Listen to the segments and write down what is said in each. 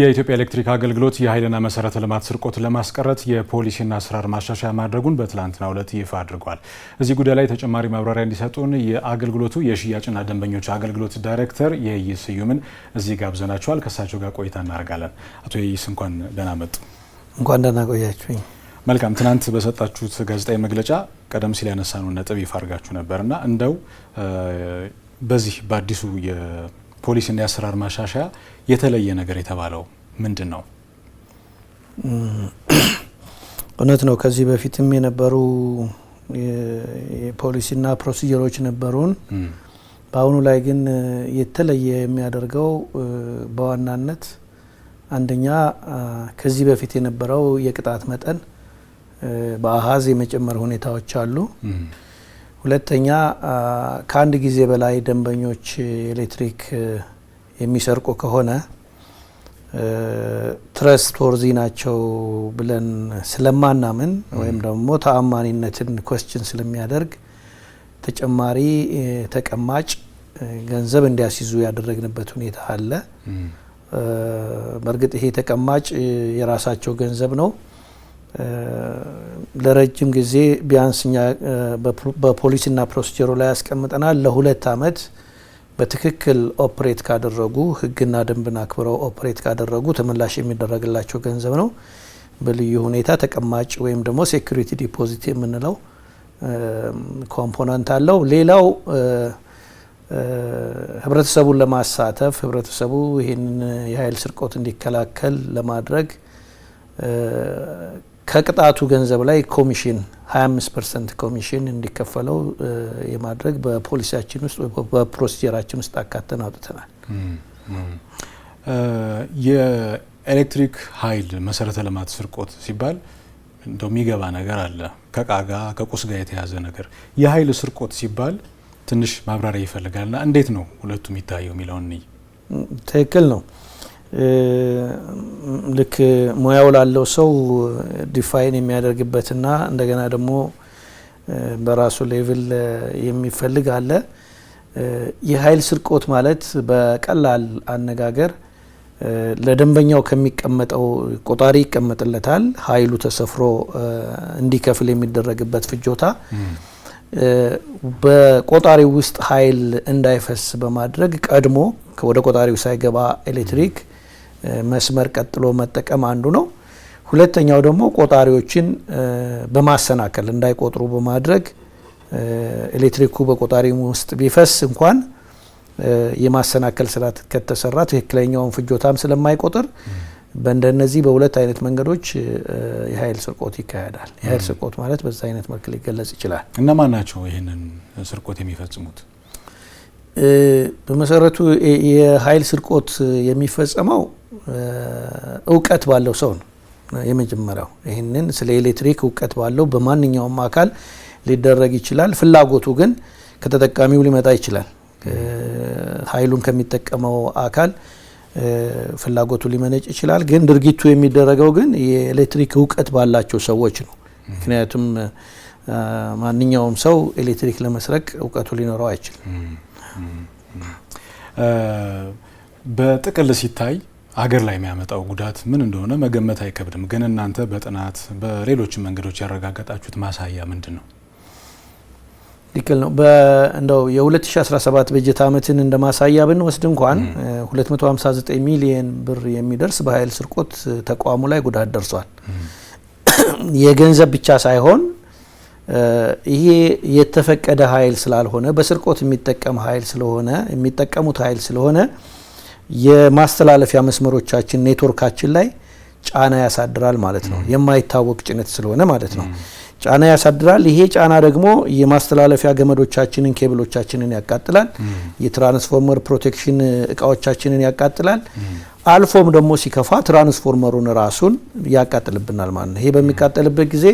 የኢትዮጵያ ኤሌክትሪክ አገልግሎት የኃይልና መሰረተ ልማት ስርቆት ለማስቀረት የፖሊሲና አሰራር ማሻሻያ ማድረጉን በትላንትናው ዕለት ይፋ አድርጓል። እዚህ ጉዳይ ላይ ተጨማሪ ማብራሪያ እንዲሰጡን የአገልግሎቱ የሽያጭና ደንበኞች አገልግሎት ዳይሬክተር የይስ ስዩምን እዚህ ጋብዘናቸዋል። ከእሳቸው ጋር ቆይታ እናደርጋለን። አቶ የይስ እንኳን ደህና መጡ። እንኳን ደህና ቆያችሁኝ። መልካም። ትናንት በሰጣችሁት ጋዜጣዊ መግለጫ ቀደም ሲል ያነሳነው ነጥብ ይፋ አድርጋችሁ ነበርና እንደው በዚህ በአዲሱ ፖሊሲና የአሰራር ማሻሻያ የተለየ ነገር የተባለው ምንድን ነው? እውነት ነው። ከዚህ በፊትም የነበሩ የፖሊሲና ፕሮሲጀሮች ነበሩን። በአሁኑ ላይ ግን የተለየ የሚያደርገው በዋናነት አንደኛ ከዚህ በፊት የነበረው የቅጣት መጠን በአሀዝ የመጨመር ሁኔታዎች አሉ። ሁለተኛ ከአንድ ጊዜ በላይ ደንበኞች ኤሌክትሪክ የሚሰርቁ ከሆነ ትረስት ወርዚ ናቸው ብለን ስለማናምን ወይም ደግሞ ተአማኒነትን ኮስችን ስለሚያደርግ ተጨማሪ ተቀማጭ ገንዘብ እንዲያስይዙ ያደረግንበት ሁኔታ አለ። በእርግጥ ይሄ ተቀማጭ የራሳቸው ገንዘብ ነው። ለረጅም ጊዜ ቢያንስ እኛ በፖሊሲና ፕሮሲጀሩ ላይ ያስቀምጠናል። ለሁለት አመት በትክክል ኦፕሬት ካደረጉ ህግና ደንብን አክብረው ኦፕሬት ካደረጉ ተመላሽ የሚደረግላቸው ገንዘብ ነው። በልዩ ሁኔታ ተቀማጭ ወይም ደግሞ ሴኩሪቲ ዲፖዚት የምንለው ኮምፖነንት አለው። ሌላው ህብረተሰቡን ለማሳተፍ ህብረተሰቡ ይህንን የኃይል ስርቆት እንዲከላከል ለማድረግ ከቅጣቱ ገንዘብ ላይ ኮሚሽን 25 ፐርሰንት ኮሚሽን እንዲከፈለው የማድረግ በፖሊሲያችን ውስጥ በፕሮሲጀራችን ውስጥ አካተን አውጥተናል። የኤሌክትሪክ ኃይል መሰረተ ልማት ስርቆት ሲባል እንደው የሚገባ ነገር አለ ከቃጋ ከቁስ ጋር የተያዘ ነገር። የኃይል ስርቆት ሲባል ትንሽ ማብራሪያ ይፈልጋልና እንዴት ነው ሁለቱ የሚታየው የሚለውን ትክክል ነው። ልክ ሙያው ላለው ሰው ዲፋይን የሚያደርግበትና እንደገና ደግሞ በራሱ ሌቭል የሚፈልግ አለ። የኃይል ስርቆት ማለት በቀላል አነጋገር ለደንበኛው ከሚቀመጠው ቆጣሪ ይቀመጥለታል፣ ኃይሉ ተሰፍሮ እንዲከፍል የሚደረግበት ፍጆታ በቆጣሪው ውስጥ ኃይል እንዳይፈስ በማድረግ ቀድሞ ወደ ቆጣሪው ሳይገባ ኤሌክትሪክ መስመር ቀጥሎ መጠቀም አንዱ ነው። ሁለተኛው ደግሞ ቆጣሪዎችን በማሰናከል እንዳይቆጥሩ በማድረግ ኤሌክትሪኩ በቆጣሪ ውስጥ ቢፈስ እንኳን የማሰናከል ስራ ከተሰራ ትክክለኛውን ፍጆታም ስለማይቆጥር በእንደነዚህ በሁለት አይነት መንገዶች የኃይል ስርቆት ይካሄዳል። የኃይል ስርቆት ማለት በዛ አይነት መልክ ሊገለጽ ይችላል። እነማን ናቸው ይህንን ስርቆት የሚፈጽሙት? በመሰረቱ የኃይል ስርቆት የሚፈጸመው እውቀት ባለው ሰው ነው የመጀመሪያው። ይህንን ስለ ኤሌክትሪክ እውቀት ባለው በማንኛውም አካል ሊደረግ ይችላል። ፍላጎቱ ግን ከተጠቃሚው ሊመጣ ይችላል። ኃይሉን ከሚጠቀመው አካል ፍላጎቱ ሊመነጭ ይችላል። ግን ድርጊቱ የሚደረገው ግን የኤሌክትሪክ እውቀት ባላቸው ሰዎች ነው። ምክንያቱም ማንኛውም ሰው ኤሌክትሪክ ለመስረቅ እውቀቱ ሊኖረው አይችልም። በጥቅል ሲታይ አገር ላይ የሚያመጣው ጉዳት ምን እንደሆነ መገመት አይከብድም። ግን እናንተ በጥናት በሌሎችም መንገዶች ያረጋገጣችሁት ማሳያ ምንድን ነው? ትክክል ነው። እንደው የ2017 በጀት ዓመትን እንደ ማሳያ ብንወስድ እንኳን 259 ሚሊየን ብር የሚደርስ በኃይል ስርቆት ተቋሙ ላይ ጉዳት ደርሷል። የገንዘብ ብቻ ሳይሆን ይሄ የተፈቀደ ኃይል ስላልሆነ በስርቆት የሚጠቀም ኃይል ስለሆነ የሚጠቀሙት ኃይል ስለሆነ የማስተላለፊያ መስመሮቻችን ኔትወርካችን ላይ ጫና ያሳድራል ማለት ነው። የማይታወቅ ጭነት ስለሆነ ማለት ነው ጫና ያሳድራል። ይሄ ጫና ደግሞ የማስተላለፊያ ገመዶቻችንን፣ ኬብሎቻችንን ያቃጥላል። የትራንስፎርመር ፕሮቴክሽን እቃዎቻችንን ያቃጥላል። አልፎም ደግሞ ሲከፋ ትራንስፎርመሩን ራሱን ያቃጥልብናል ማለት ነው። ይሄ በሚቃጠልበት ጊዜ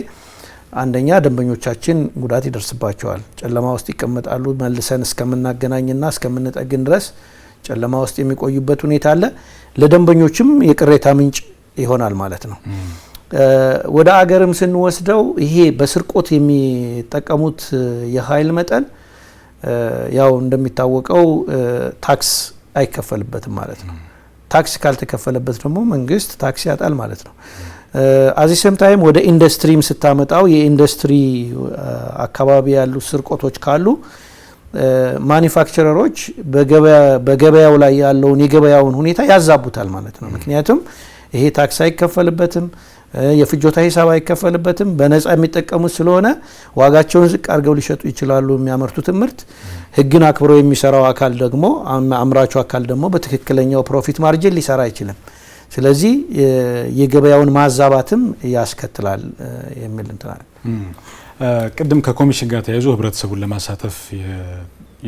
አንደኛ ደንበኞቻችን ጉዳት ይደርስባቸዋል። ጨለማ ውስጥ ይቀመጣሉ። መልሰን እስከምናገናኝና እስከምንጠግን ድረስ ጨለማ ውስጥ የሚቆዩበት ሁኔታ አለ። ለደንበኞችም የቅሬታ ምንጭ ይሆናል ማለት ነው። ወደ አገርም ስንወስደው ይሄ በስርቆት የሚጠቀሙት የኃይል መጠን ያው እንደሚታወቀው ታክስ አይከፈልበትም ማለት ነው። ታክስ ካልተከፈለበት ደግሞ መንግስት ታክስ ያጣል ማለት ነው። አዚ ሰም ታይም ወደ ኢንዱስትሪም ስታመጣው የኢንዱስትሪ አካባቢ ያሉ ስርቆቶች ካሉ ማኒፋክቸረሮች በገበያው ላይ ያለውን የገበያውን ሁኔታ ያዛቡታል ማለት ነው። ምክንያቱም ይሄ ታክስ አይከፈልበትም፣ የፍጆታ ሂሳብ አይከፈልበትም። በነፃ የሚጠቀሙት ስለሆነ ዋጋቸውን ዝቅ አድርገው ሊሸጡ ይችላሉ። የሚያመርቱትን ምርት ህግን አክብሮ የሚሰራው አካል ደግሞ አምራቹ አካል ደግሞ በትክክለኛው ፕሮፊት ማርጅን ሊሰራ አይችልም። ስለዚህ የገበያውን ማዛባትም ያስከትላል የሚል እንትናል። ቅድም ከኮሚሽን ጋር ተያይዞ ህብረተሰቡን ለማሳተፍ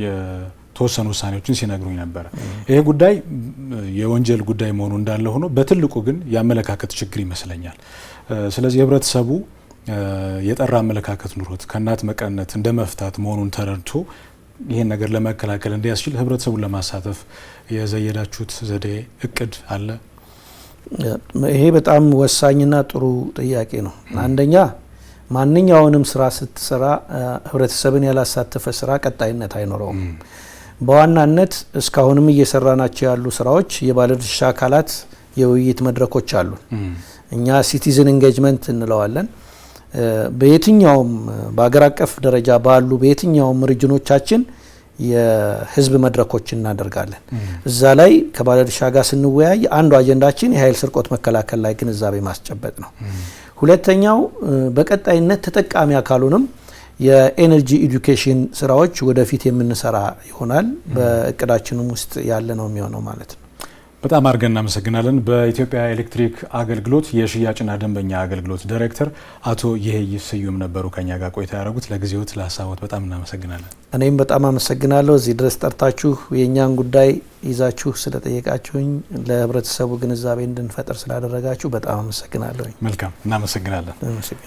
የተወሰኑ ውሳኔዎችን ሲነግሩኝ ነበረ። ይሄ ጉዳይ የወንጀል ጉዳይ መሆኑ እንዳለ ሆኖ በትልቁ ግን የአመለካከት ችግር ይመስለኛል። ስለዚህ ህብረተሰቡ የጠራ አመለካከት ኑሮት ከእናት መቀነት እንደ መፍታት መሆኑን ተረድቶ ይህን ነገር ለመከላከል እንዲያስችል ህብረተሰቡን ለማሳተፍ የዘየዳችሁት ዘዴ እቅድ አለ? ይሄ በጣም ወሳኝና ጥሩ ጥያቄ ነው። አንደኛ ማንኛውንም ስራ ስትሰራ ህብረተሰብን ያላሳተፈ ስራ ቀጣይነት አይኖረውም። በዋናነት እስካሁንም እየሰራ ናቸው ያሉ ስራዎች የባለድርሻ አካላት የውይይት መድረኮች አሉ። እኛ ሲቲዝን ኤንጌጅመንት እንለዋለን። በየትኛውም በሀገር አቀፍ ደረጃ ባሉ በየትኛውም ሪጅኖቻችን የህዝብ መድረኮች እናደርጋለን። እዛ ላይ ከባለድርሻ ጋር ስንወያይ አንዱ አጀንዳችን የኃይል ስርቆት መከላከል ላይ ግንዛቤ ማስጨበጥ ነው። ሁለተኛው በቀጣይነት ተጠቃሚ አካሉንም የኤነርጂ ኢዱኬሽን ስራዎች ወደፊት የምንሰራ ይሆናል። በእቅዳችንም ውስጥ ያለ ነው የሚሆነው ማለት ነው። በጣም አድርገን እናመሰግናለን። በኢትዮጵያ ኤሌክትሪክ አገልግሎት የሽያጭና ደንበኛ አገልግሎት ዳይሬክተር አቶ ይሄይ ስዩም ነበሩ ከኛ ጋር ቆይታ ያደረጉት። ለጊዜዎት ለሀሳቦት በጣም እናመሰግናለን። እኔም በጣም አመሰግናለሁ። እዚህ ድረስ ጠርታችሁ የእኛን ጉዳይ ይዛችሁ ስለጠየቃችሁኝ፣ ለህብረተሰቡ ግንዛቤ እንድንፈጥር ስላደረጋችሁ በጣም አመሰግናለሁ። መልካም እናመሰግናለን።